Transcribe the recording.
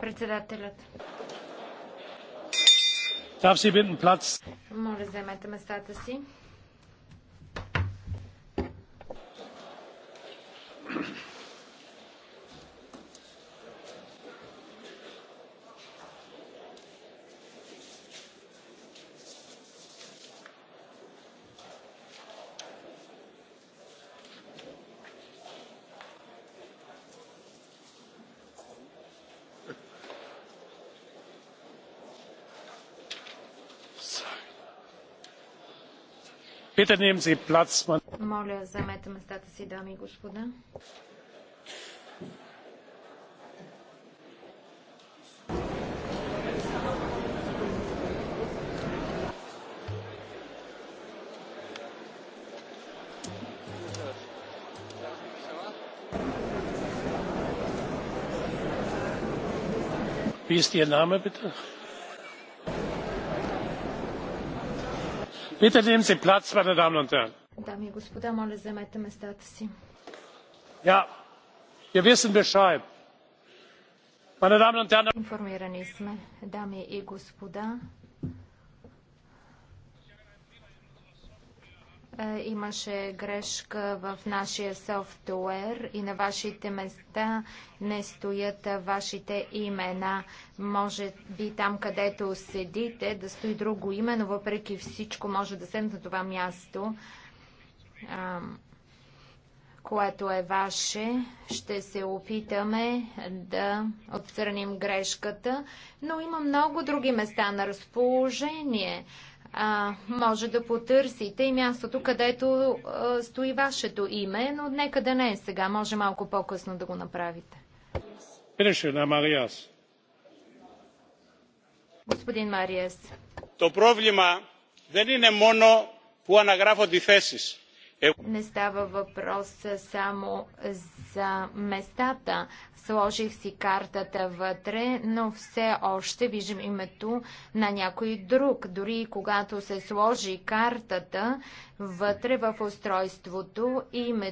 Председателят. Моля, заемете местата си. Моля, заемете местата си, дами и господа. Wie ist Ihr Name bitte? Bitte nehmen Sie Platz, meine Damen und Herren. Дами и господа, моля заемете местата си. Ja, wir wissen Bescheid. Meine Damen und Herren. Информирани сме, дами и господа. Е, имаше грешка в нашия софтуер и на вашите места не стоят вашите имена. Може би там, където седите, да стои друго име, но въпреки всичко може да седнете на това място, което е ваше. Ще се опитаме да отстраним грешката, но има много други места на разположение а, може да потърсите и мястото, където а, стои вашето име, но нека да не е сега. Може малко по-късно да го направите. Господин Мариас. То проблема дали не моно по анаграфо οι θέσεις. Е, Не става въпрос само за местата. Сложих си картата вътре, но все още виждам името на някой друг. Дори когато се сложи картата вътре в устройството, името